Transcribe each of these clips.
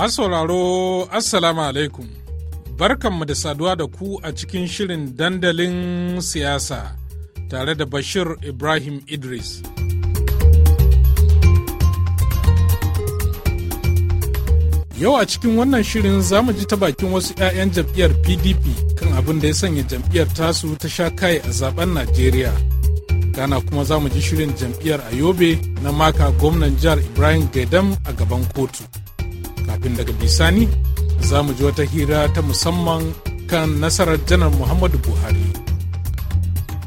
Masu sauraro Assalamu alaikum. Barkanmu da saduwa da ku a cikin shirin dandalin siyasa tare da Bashir Ibrahim Idris. Yau a cikin wannan shirin za mu ji ta bakin wasu 'ya'yan jam'iyyar PDP kan abin da ya sanya jam'iyyar tasu ta sha kai a zaben Najeriya. gana kuma za mu ji shirin jam'iyyar Ayobe na maka gwamnan jihar Ibrahim Gaidam a gaban kotu. kafin daga bisani za mu ji wata hira ta musamman kan nasarar janar muhammadu buhari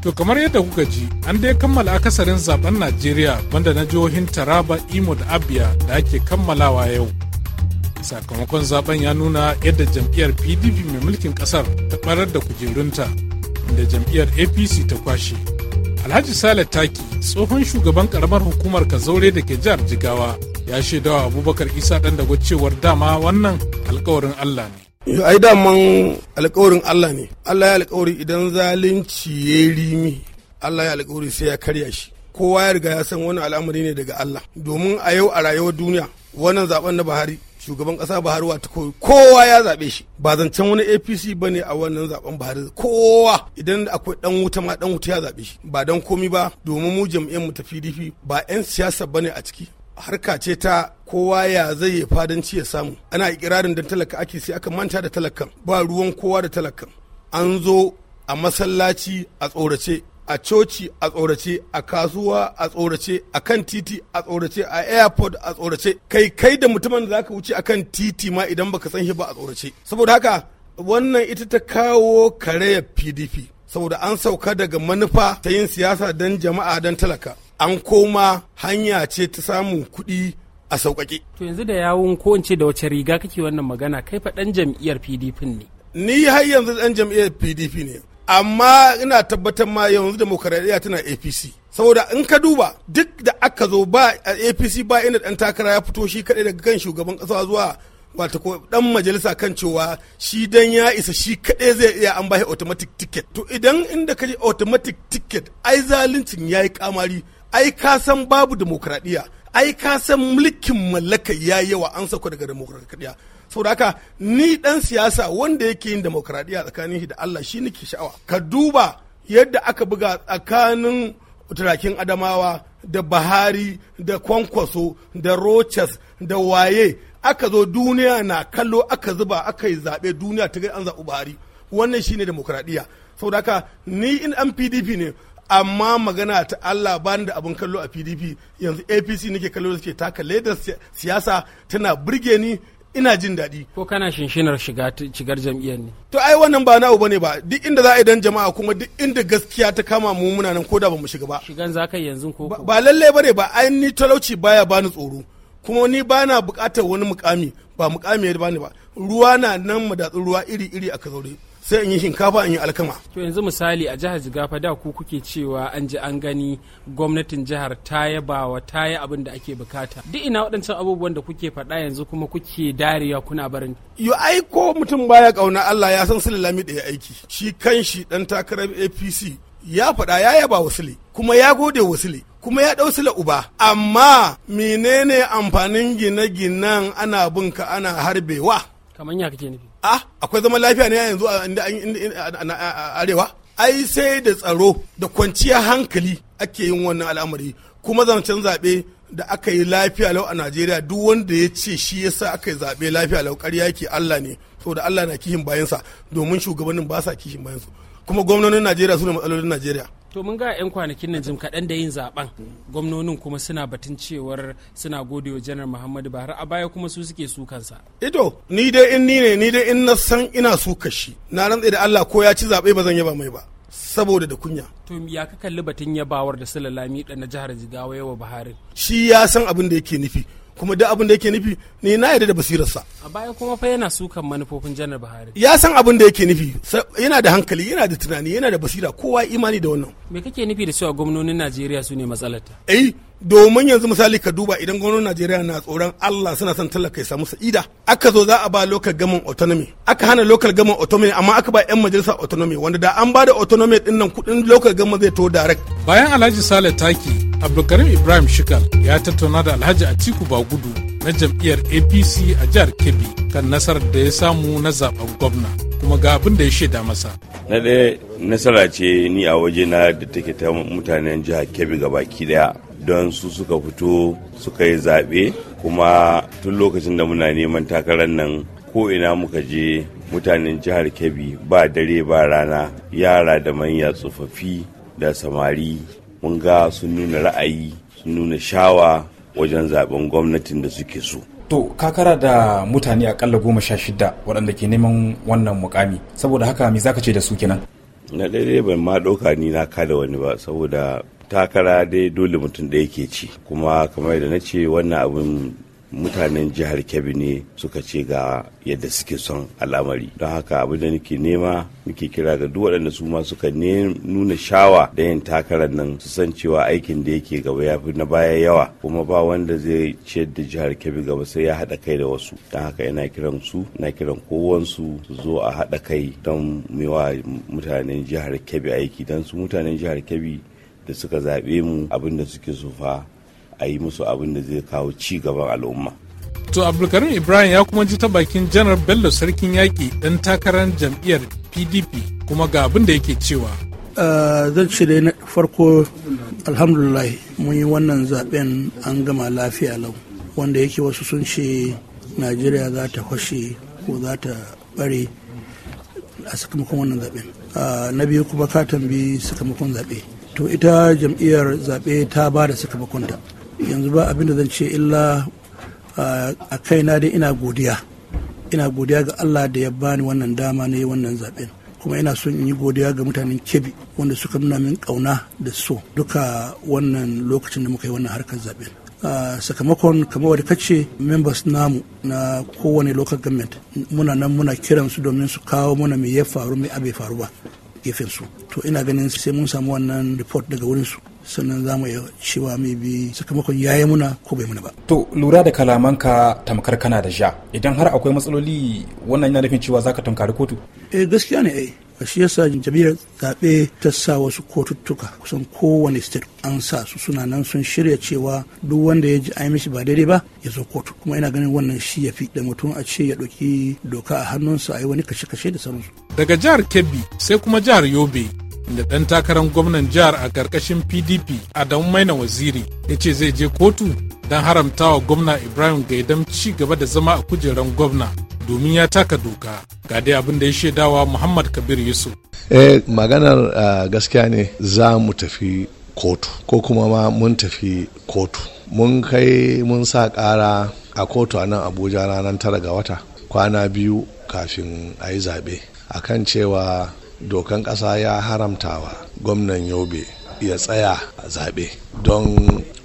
to kamar yadda kuka ji an dai kammala akasarin zaben najeriya banda na jihohin taraba imo da abia da ake kammalawa yau sakamakon zaben ya nuna yadda jam'iyyar pdp mai mulkin kasar ta barar da kujerunta inda jam'iyyar apc ta kwashe alhaji sale taki tsohon shugaban karamar hukumar kazaure da ke jihar jigawa ya shaidawa abubakar isa dan dago cewar dama wannan alkawarin allah ne ai daman alkawarin Allah ne Allah ya alkawari idan zalunci ya rimi Allah ya alkawari sai ya karya shi kowa ya riga ya san wani al'amari ne daga Allah domin a yau a rayuwar duniya wannan zaben na bahari shugaban kasa Buhari wata kowa ya zabe shi ba zancen wani APC ba ne a wannan zaben Buhari kowa idan akwai dan wuta ma dan wuta ya zabe shi ba dan komi ba domin mu jam'iyyar mu ta PDP ba yan siyasa ba ne a ciki harka ce ta kowa ya zai yi fadanci ya samu ana ikirarin don talaka ake sai aka manta da talakan ba ruwan kowa da talakan an zo a masallaci a tsorace a coci a tsorace a kasuwa a tsorace a kan titi a tsorace a airport a tsorace kai kai da mutumin da zaka wuce akan titi ma idan baka san shi ba a tsorace saboda haka wannan ita ta kawo karayar pdp saboda an sauka daga manufa ta yin siyasa don jama'a don talaka an koma hanya ce ta samun kuɗi a sauƙaƙe. To yanzu da yawon ko in ce da wace riga kake wannan magana kai fa ɗan jam'iyyar PDP ne. Ni har yanzu ɗan jam'iyyar PDP ne. Amma ina tabbatar ma yanzu demokaradiyya tana APC. Saboda in ka duba duk da aka zo ba a APC ba inda ɗan takara ya fito shi kaɗai daga kan shugaban ƙasa zuwa wata ko ɗan majalisa kan cewa shi dan ya isa shi kaɗai zai iya an bashi automatic ticket. To idan inda ka je automatic ticket ai zaluncin ya yi kamari ai ka san babu demokradiyya ai ka san mulkin mallaka ya yawa an sako daga demokradiyya saboda haka ni dan siyasa wanda yake yin demokradiyya tsakanin shi da Allah shi nake sha'awa ka duba yadda aka buga tsakanin turakin adamawa da bahari da kwankwaso da rochas da waye aka zo duniya na kallo aka zuba aka yi zaɓe duniya ta an zaɓi buhari wannan shine demokradiyya saboda haka ni in an pdp ne amma magana ta Allah bani da abin kallo a PDP yanzu APC nake kallo da suke taka ledar siyasa tana burge ni ina jin daɗi. Ko kana shinshinar shiga shigar jam'iyyar ne? To ai wannan ba nawo ne ba duk inda za a idan jama'a kuma duk inda gaskiya ta kama mu muna nan ko da ba mu shiga ba. Shigan za ka yanzu ko Ba lalle bane ba ai ni talauci baya bani tsoro kuma ni bana buƙatar wani mukami ba mukami ya bani ba ruwa na nan madatsun ruwa iri iri a kazaure. sai in yi shinkafa in yi alkama. To yanzu misali a jihar Jigafa da ku kuke cewa an ji an gani gwamnatin jihar ta yabawa ta yi abin da ake bukata. Duk ina waɗancan abubuwan da kuke faɗa yanzu kuma kuke dariya kuna barin. Yo ai ko mutum baya kauna Allah ya san Sulalami da ya aiki. Shi kanshi ɗan takarar APC ya faɗa ya yaba wasule kuma ya gode wasule kuma ya ɗau sila uba amma menene amfanin gine-ginen ana bunka ana harbewa. Kamar ya kake nufi. a akwai zaman lafiya ne yanzu a arewa ai sai da tsaro da kwanciyar hankali ake yin wannan al'amari kuma zancen zaɓe da aka yi lafiya lau a najeriya duk wanda ya ce shi yasa aka yi zaɓe lafiya lau ƙarya ke allah ne saboda allah na kihin bayansa domin shugabannin ba sa kihin bayansu kuma gwamnonin najeriya su ne matsalolin najeriya to mun ga 'yan kwanakin nan jim kaɗan da yin zaben gwamnonin kuma suna batun cewar suna gode wa janar muhammadu buhari a baya kuma su suke su kansa Ito ni dai in ni ne ni dai in na san ina su kashi na rantse da allah ko ya ci zaɓe ba zan yaba mai ba saboda da kunya to ya ka kalli batun yabawar da sulalami da na jihar jigawa yawa buhari shi ya san abin da yake nufi kuma duk abin da yake nufi ni na yarda da basirarsa a baya kuma fa yana sukan manufofin janar buhari ya san abin da yake nufi yana da hankali yana da tunani yana da basira kowa imani da wannan me kake nufi da cewa gwamnonin najeriya su ne matsalarta eh domin yanzu misali ka duba idan gwamnatin najeriya na tsoron allah suna son talaka ya samu sa'ida aka zo za a ba lokal gaman autonomy aka hana lokal gaman autonomy amma aka ba yan majalisa autonomy wanda da an ba da autonomy din nan kudin local gaman zai to direct bayan alhaji sale taki abdulkarim ibrahim shikal ya tattauna da alhaji atiku bagudu na jam'iyyar apc a jihar kebbi kan nasarar da ya samu na zaben gwamna kuma ga abin da ya shaida masa na ɗaya nasara ce ni a waje na da take ta mutanen jihar kebbi baki daya don su suka fito suka yi zaɓe kuma tun lokacin da muna neman takarar nan ko ina muka je mutanen jihar kebbi ba dare ba rana yara da manya tsofaffi da samari mun ga sun nuna ra'ayi sun nuna shawa wajen zaben gwamnatin da suke so to kakara da mutane akalla goma sha shida waɗanda ke neman wannan mukami saboda haka me zaka ce da su kenan na daidai ban ma ɗauka ni na kada wani ba saboda takara dai dole mutum ɗaya ke ci kuma kamar da na ce wannan abin mutanen jihar kebbi ne suka ce ga yadda suke son al'amari don haka abin da nake nema nake kira ga duk waɗanda su ma suka nuna shawa da yin takarar nan su san cewa aikin da yake gaba ya fi na baya yawa kuma ba wanda zai ciyar da jihar kebbi gaba sai ya haɗa kai da wasu don haka ina kiran su na kiran kowansu su zo a haɗa kai don mewa mutanen jihar kebbi aiki don su mutanen jihar kebbi da suka zaɓe mu abin da suke so fa a yi musu abin da zai kawo ci gaban al'umma. To Abdulkarim Ibrahim ya kuma ji ta bakin Janar Bello Sarkin Yaƙi ɗan takarar jam'iyyar PDP kuma ga abin da yake cewa. Eh, zan ce dai na farko alhamdulillah mun yi wannan zaben an gama lafiya lau wanda yake wasu sun ce Najeriya za ta fashe ko za ta bare a sakamakon wannan zaben. Eh, na biyu kuma ka tambi sakamakon zaɓe. to ita jam'iyyar zaɓe ta ba da sakamakonta yanzu ba abin da zan ce illa a kai na dai ina godiya ina godiya ga allah da ya bani wannan dama na yi wannan zaben kuma ina son in yi godiya ga mutanen kebi wanda suka nuna min kauna da so duka wannan lokacin da muka yi wannan harkar zaben sakamakon kamar wadda kace members namu na kowane local government muna nan muna kiran su domin su kawo mana me ya faru me bai faru ba gefen su to ina ganin sai mun samu wannan report daga wurin su sannan za mu cewa mai bi sakamakon ya yi muna ko bai muna ba. To lura da kalamanka tamkar kana da sha idan har akwai matsaloli wannan yana nufin cewa zaka tunkari kotu. Eh gaskiya ne eh shi yasa jami'ar zaɓe ta sa wasu kotuttuka kusan kowane state an sa su suna nan sun shirya cewa duk wanda ya ji a mishi ba daidai ba ya zo kotu kuma ina ganin wannan shi ya fi da mutum a ce ya ɗauki doka a hannunsa a yi wani kashe-kashe da sauransu. Daga jihar Kebbi sai kuma jihar Yobe inda ɗan takarar gwamnan jihar a ƙarƙashin pdp adamu maina waziri ya ce zai je kotu don haramtawa gwamna ibrahim gaidam ci gaba da zama a kujerar gwamna domin ya taka doka ga dai abin da ya shaidawa muhammad kabir yusuf eh maganar uh, gaskiya ne za mu tafi kotu ko kuma ma mun tafi kotu mun kai mun sa ƙara a kotu a nan abuja ranar tara ga wata kwana biyu kafin a yi zaɓe A kan cewa dokan ƙasa ya haramtawa gwamnan yobe ya tsaya a zaɓe don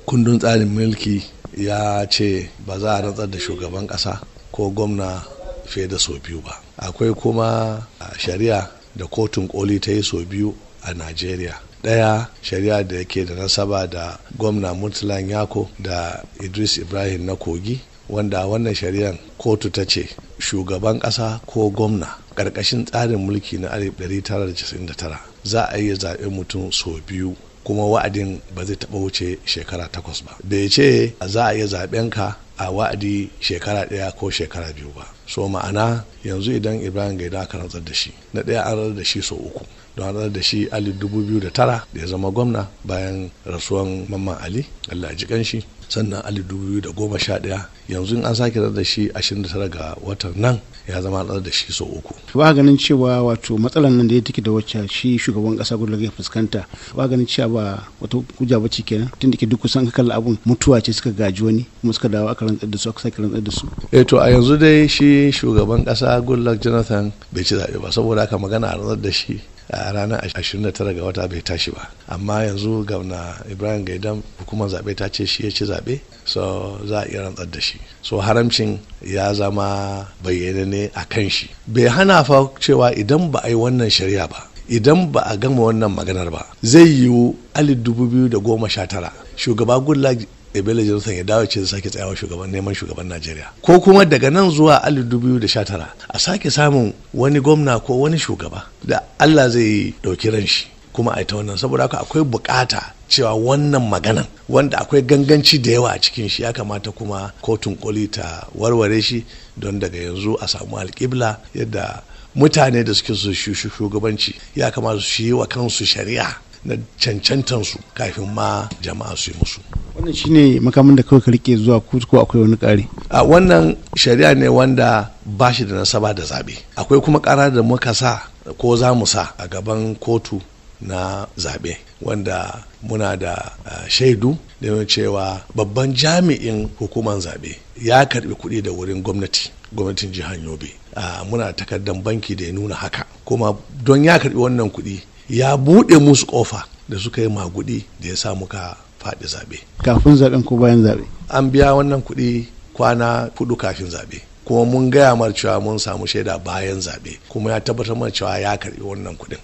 kundin tsarin mulki ya ce ba za a rantsar da shugaban ƙasa ko gwamna fiye da sau biyu ba akwai kuma shari'a da kotun koli ta yi sau biyu a najeriya ɗaya shari'a da yake da nasaba da gwamna murtalan yako da idris ibrahim na kogi wanda wannan shari'ar kotu ta ce shugaban ƙasa ko gwamna ƙarƙashin tsarin mulki na 1999 za a iya zaɓe mutum sau biyu kuma wa'adin ba zai taɓa wuce shekara takwas ba bai ce za a iya zaɓen ka a wa'adi shekara ɗaya ko shekara biyu ba so ma'ana yanzu idan ibrahim gaida aka rantsar da shi na ɗaya an rantsar da shi sau uku don rantsar da shi ali dubu biyu da tara da ya zama gwamna bayan rasuwan mamman ali allah ji kanshi sannan ali dubu biyu da goma sha ɗaya yanzu an sake rantsar da shi ashirin da tara ga watan nan ya zama ɗar da shi sau uku. Ba ganin cewa wato matsalar nan da ya take da wacce shi shugaban kasa gudu ya fuskanta ba ganin cewa ba wata kuja ce kenan tun da ke duk kusan kakalla abun mutuwa ce suka gaji wani kuma suka dawo aka rantsar da su aka sake rantsar da su. Eh to a yanzu dai shi shugaban ƙasa Goodluck Jonathan bai ci zaɓe ba saboda haka magana a rantsar da shi a ranar 29 ga wata bai tashi ba amma yanzu gwamna Ibrahim Gaidan hukumar zaɓe ta ce shi ya ci zaɓe so za a iya rantsar da shi so haramcin ya zama bayyana ne a kan shi bai hana fa cewa idan ba a yi wannan shari'a ba idan ba a gama wannan maganar ba zai yiwu alif dubu biyu da goma sha tara shugaba goodluck ebele jonathan ya dawo ce sake tsayawa shugaban neman shugaban najeriya ko kuma daga nan zuwa alif dubu da sha tara a sake samun wani gwamna ko wani shugaba da allah zai ɗauki ran shi kuma a ita wannan saboda haka akwai bukata cewa wannan maganan wanda akwai ganganci da yawa a cikin shi ya kamata kuma kotun koli ta warware shi don daga yanzu a samu alƙibla yadda mutane da suke su shugabanci ya kamata su yi wa kansu shari'a na cancantansu kafin ma jama'a su yi musu wannan shine makamin da kawai ka rike zuwa ko akwai wani ƙari a wannan shari'a ne wanda ba shi da nasaba da zabe akwai kuma ƙara da muka sa ko za mu sa a gaban kotu na zaɓe wanda muna da uh, shaidu da cewa babban jami'in hukumar zaɓe ya karɓi kuɗi da wurin gwamnati gwamnatin jihar yobe uh, muna takardar banki da ya nuna haka kuma don ya karɓi wannan kuɗi ya buɗe musu ƙofa da suka yi maguɗi da ya sa muka faɗi zaɓe kafin zaɓen ko bayan zaɓe an biya wannan kuɗi kwana hudu kafin zaɓe kuma mun gaya mar cewa mun samu shaida bayan zaɓe kuma ya tabbatar mana cewa ya karɓi wannan kuɗin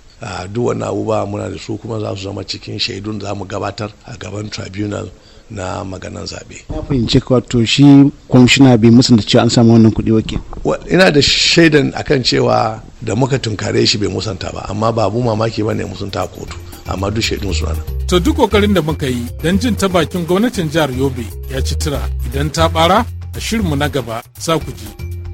duk wani abubuwa muna da su kuma za su zama cikin shaidun da za mu gabatar a gaban tribunal na maganan zabe. Na fahimci wato shi kwamishina bai musanta cewa an samu wannan kuɗi wake. Ina da shaidan akan cewa da muka tunkare shi bai musanta ba amma ba abu mamaki ba ne musanta a kotu amma duk shaidun su nan. To duk kokarin da muka yi don jin ta bakin gwamnatin jihar Yobe ya ci tura idan ta bara a shirinmu na gaba za ku ji.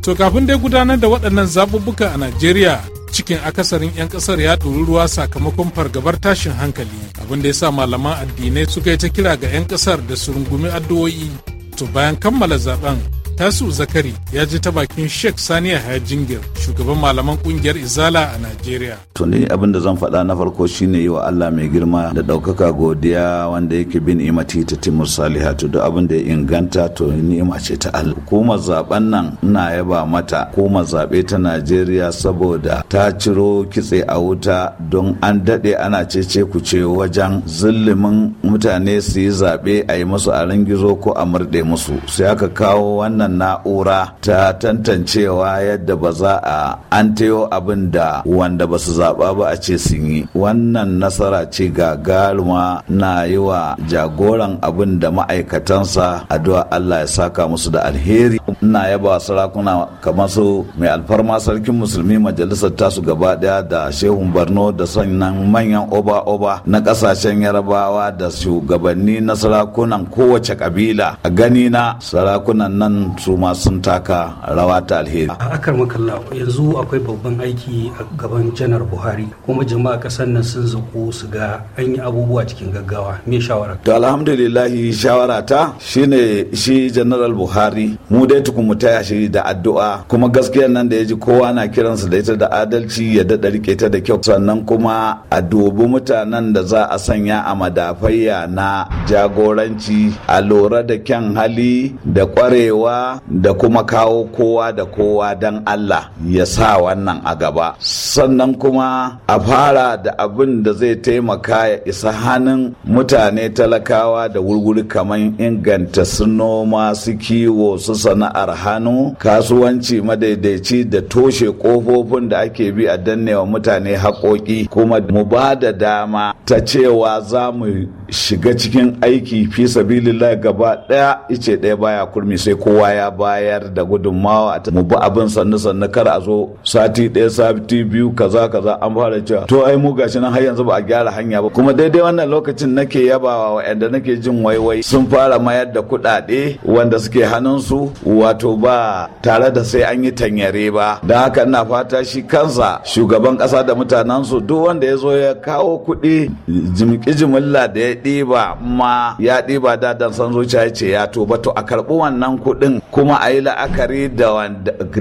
To kafin dai gudanar da waɗannan zaɓuɓɓuka a Najeriya cikin akasarin 'yan kasar ya ruwa sakamakon fargabar tashin hankali abin da ya sa malaman addinai suka yi ta kira ga 'yan kasar da su rungumi addu'o'i to bayan kammala zaben tasu zakari ya ji ta bakin sheikh saniya hajjingir shugaban malaman kungiyar izala a najeriya to ni abin da zan faɗa na farko shine yi wa allah mai girma da ɗaukaka godiya wanda yake bin imati ta timur salihatu duk abin da ya inganta to ni'ima ce ta allah hukumar zaben nan ina yaba mata kuma zaɓe ta najeriya saboda ta ciro kitse a wuta don an daɗe ana cece ku ce wajen zullumin mutane su yi zaɓe a yi musu a gizo ko a murɗe musu sai aka kawo wannan wannan na'ura ta tantancewa yadda ba za a an tayo abin da wanda ba su zaɓa ba a ce sun yi wannan nasara ce ga galuma, na yi wa jagoran abin da ma'aikatansa addu'a Allah ya saka musu da alheri ina yaba sarakuna kamar su mai alfarma sarkin musulmi majalisar tasu gaba daya da shehun barno da sannan manyan oba oba na kasashen yarabawa da shugabanni na sarakunan kowace kabila a gani na sarakunan nan su ma sun taka rawa ta alheri a akar makalla yanzu akwai babban aiki a gaban janar buhari kuma jama'a kasar nan sun zuku su ga an yi abubuwa cikin gaggawa me shawara to alhamdulillahi shawara ta shine shi janaral buhari mu dai tukun taya shi da addu'a kuma gaskiya nan da ya ji kowa na kiransa da ita da adalci ya daɗa rike ta da kyau sannan kuma a dubi mutanen da za a sanya a madafayya na jagoranci a lura da kyan hali da kwarewa da kuma kawo kowa da kowa don Allah ya sa wannan a gaba sannan kuma a fara da abin da zai taimaka ya isa hannun mutane talakawa da wurwuri kamar inganta su noma su kiwo su sana'ar hannu kasuwanci madaidaici da toshe kofofin da ake bi a dannewa mutane haƙoƙi kuma mu ba da dama ta cewa za mu shiga cikin aiki fi sabilillah gaba ɗaya ice ɗaya baya kurmi sai kowa baya bayar da gudunmawa mu bi abin sannu sannu kar a zo sati ɗaya sati biyu kaza kaza an fara cewa to ai mu gashi nan har yanzu ba a gyara hanya ba kuma daidai wannan lokacin nake yabawa wa'anda nake jin waiwai sun fara mayar da kuɗaɗe wanda suke hannunsu wato ba tare da sai an yi tanyare ba da haka ina fata shi kansa shugaban ƙasa da mutanensu duk wanda ya zo ya kawo kuɗi jimki jimilla da ya ɗiba ma ya ɗiba da dan san zuciya ce ya to ba to a karɓi wannan kuɗin kuma a yi la'akari da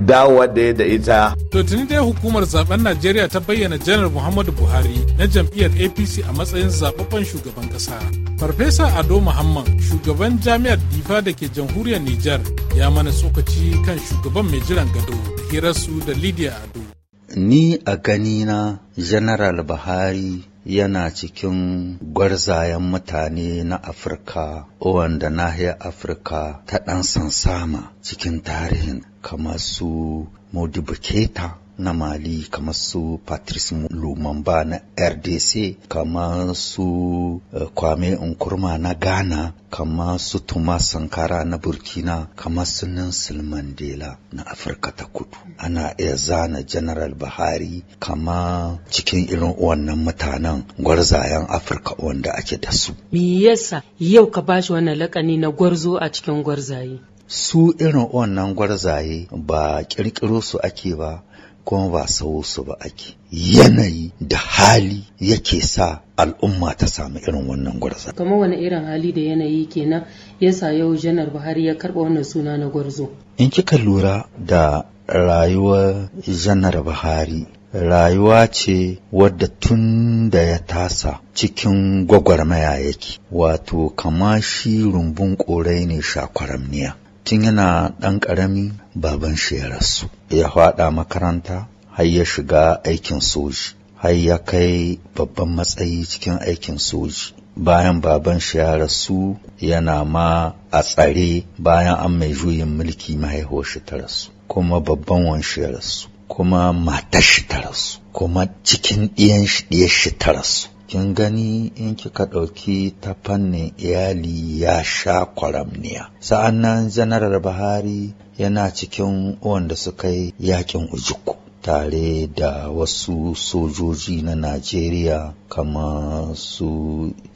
dawa da ya da ita. To tuni dai hukumar zaben Najeriya ta bayyana janar Muhammadu Buhari na jam'iyyar APC a matsayin zababben shugaban kasa. Farfesa Ado Muhammad shugaban jami'ar Difa da ke jamhuriyar Nijar ya mana tsokaci kan shugaban mai jiran gado da hirarsu da Lydia Ado. Ni a ganina General Buhari yana cikin gwarzayen mutane na Afirka wanda nahiyar Afirka ta ɗan sansama cikin tarihin kamar su modifiketa. na mali kamar su patrice lumumba na rdc kamar su eh, kwame nkurma na ghana kamar su thomas sankara na burkina kamar su nelson mandela na afirka ta kudu ana iya zana general buhari kama cikin irin wannan mutanen gwarzayen afirka wanda ake da su me yasa yau ka bashi wannan lakani na gwarzo a cikin gwarzaye su irin wannan gwarzaye ba kirkiro su ake ba kuma ba sau su ba ake yanayi da hali yake sa al'umma ta samu irin wannan gwarza. Kamar wani irin hali da yanayi kenan sa yau janar Buhari ya karɓa wannan suna na gwarzo. In kika lura da rayuwar janar Buhari rayuwa ce wadda tun da ya tasa cikin gwagwarmaya yake wato kama shi rumbun ƙorai ne shakwaramniya tun yana ɗan ƙarami baban shi ya rasu ya faɗa makaranta har ya shiga aikin soji har ya kai babban matsayi cikin aikin soji bayan baban shi ya rasu yana ma a tsare bayan an mai juyin mulki mahaihuwar shi ta rasu kuma babban shi ya rasu kuma matar shi ta rasu kuma cikin ɗiyan shi ɗiyar shi ta rasu kin gani in kika ɗauki ta fannin iyali ya sha kwaramniya sa'an nan janaral buhari yana cikin wanda suka yi yakin ujuku tare da wasu sojoji na najeriya kamar su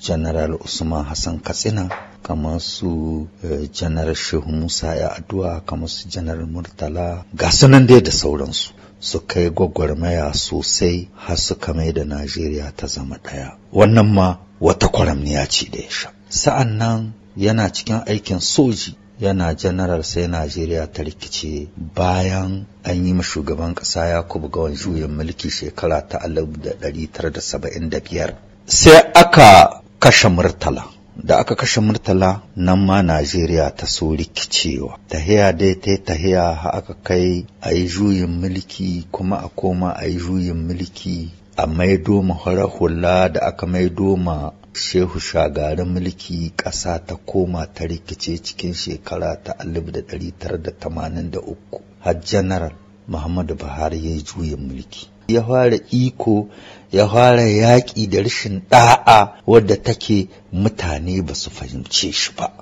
janaral usman hassan katsina kamar su janar eh, shehu musa ya addu'a kamar su janar murtala ga sunan dai da sauransu Su kai gwagwarmaya sosai har suka mai da Najeriya ta zama ɗaya. Wannan ma wata kwaramniya ce da ya sha. Sa'an nan yana cikin aikin soji yana janaral sai Najeriya ta rikice bayan an yi shugaban ƙasa ya Yakubu Gawan juyin mulki shekara ta da da saba'in biyar. Sai aka kashe Murtala. da aka kashe murtala nan ma najeriya ta so rikicewa tahiya dai ta tahiya ha aka kai a yi juyin mulki kuma a koma a yi juyin mulki a maido ma hula da aka maido ma shehu shagarin mulki ƙasa ta koma ta rikice cikin shekara ta alif 1983 har janaral muhammadu buhari ya yi juyin mulki ya fara iko ya fara yaƙi da rashin ɗa'a wadda take mutane ba su fahimce shi ba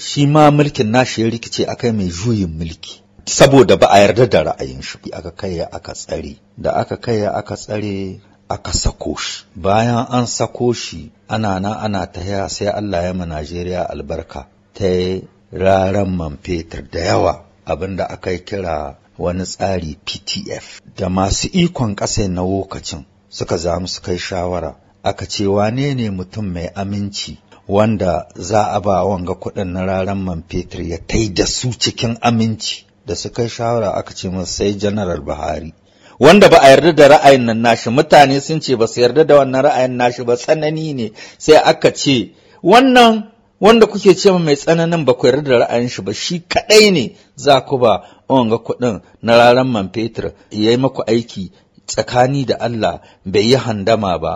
shi ma mulkin nashi ya rikice akai mai juyin mulki saboda ba a yarda da ra'ayin shi aka kai aka tsare da aka kai aka tsare aka sako shi bayan an sako shi ana na, ana ta tahiya sai Allah ya ma Najeriya albarka ta yi raran man fetur da yawa abinda aka kira wani tsari PTF da masu ikon ƙasa na wokacin suka zamu su kai shawara aka ce wane ne mutum mai aminci wanda za a ba wanga kuɗin na raran man fetur ya tai da su cikin aminci da su kai shawara aka ce masa sai janaral Buhari wanda ba a yarda da ra'ayin nan nashi mutane sun ce ba su yarda da wannan ra'ayin nashi ba tsanani ne sai aka ce wannan wanda kuke ce mai tsananin ba ku da ra'ayin shi ba shi kadai ne za ku ba wanga kuɗin na raran man fetur ya yi maku aiki tsakani da Allah bai yi handama ba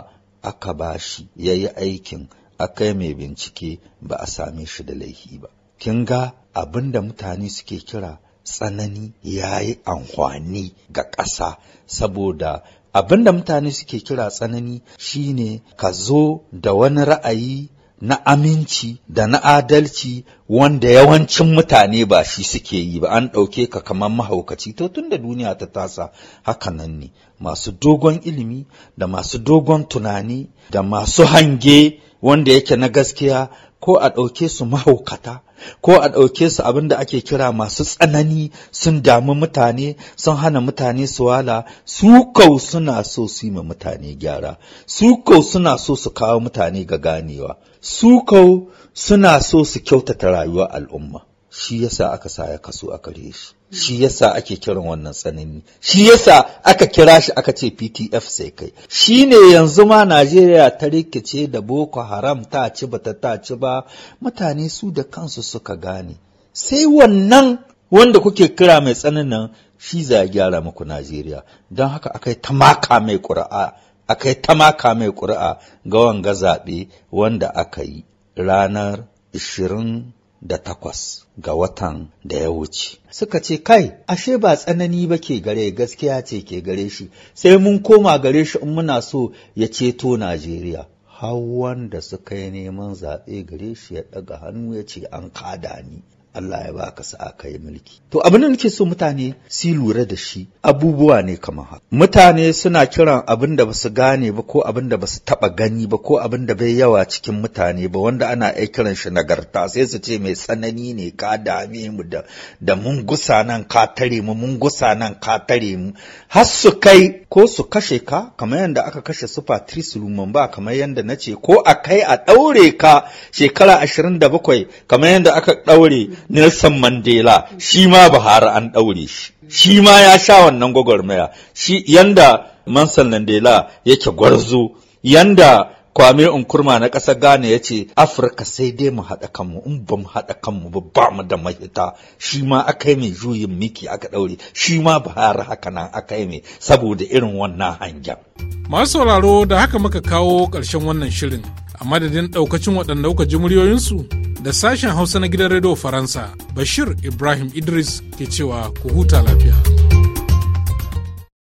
aka ba shi ya yi aikin a kai mai bincike ba a same shi da laifi ba kin ga abin da mutane suke kira tsanani ya yi amfani ga ƙasa saboda abin da mutane suke kira tsanani shine ka zo da wani ra'ayi na aminci da na adalci wanda yawancin mutane ba shi suke yi ba an ɗauke ka kamar mahaukaci to tun da duniya ta tasa nan ne masu dogon ilimi da masu dogon tunani da masu hange wanda yake na gaskiya ko a ɗauke su mahaukata ko a ɗauke su abin da ake kira masu tsanani sun damu mutane sun hana mutane su wala su kau suna so su yi ma mutane gyara su kau suna so su kawo mutane ga ganewa su kau suna so su kyautata rayuwar al'umma shi yasa aka sa ya kaso a kare shi shi yasa ake kiran wannan tsanani shi yasa aka kira shi aka ce PTF sai kai shi ne yanzu ma Najeriya ta rikice da Boko Haram ta ci ba ta ci ba mutane su da kansu suka gane sai wannan wanda kuke kira mai tsananin shi za ya gyara muku Najeriya don haka akai ta maka mai ƙuri'a akai ta maka mai ƙuri'a ga wanga zaɓe wanda aka yi ranar 20 da takwas ga watan da ya wuce. Suka ce, Kai, ashe ba tsanani ba ke gare gaskiya ce ke gare shi, sai mun koma gare shi in muna so ya ceto Najeriya. Hawan da suka yi neman zaɓe gare shi ya ɗaga hannu ya ce, An kada ni. Allah ya ba ka sa'a ka yi mulki. To abin da nake so mutane su lura da shi abubuwa ne kamar haka. Mutane suna kiran abin da basu gane ba ko abin da basu taba gani ba ko abin da bai yawa cikin mutane ba wanda ana ai kiran shi nagarta sai su ce mai tsanani ne ka dame mu da da mun gusa nan ka tare mu mun gusa nan ka tare mu har su kai ko su kashe ka kamar yadda aka kashe su Patrice Lumumba kamar yadda na ko a kai a ɗaure ka shekara ashirin da bakwai kamar yadda aka ɗaure Nelson Mandela shi ma Buhari an ɗaure shi shi ma ya sha wannan gwagwarmaya shi yanda Mansan Mandela yake gwarzo yanda Kwame Nkrumah na ƙasar Ghana ya ce Afirka sai dai mu haɗa kanmu in ba mu haɗa kanmu ba ba mu da mahita shi ma aka yi mai juyin miki aka ɗaure shi ma Buhari haka nan aka yi mai saboda irin wannan hangen. Masu sauraro da haka muka kawo ƙarshen wannan shirin a madadin daukacin waɗanda kuka ji muryoyinsu da sashen hausa na gidan rediyo faransa bashir ibrahim idris ke cewa ku huta lafiya.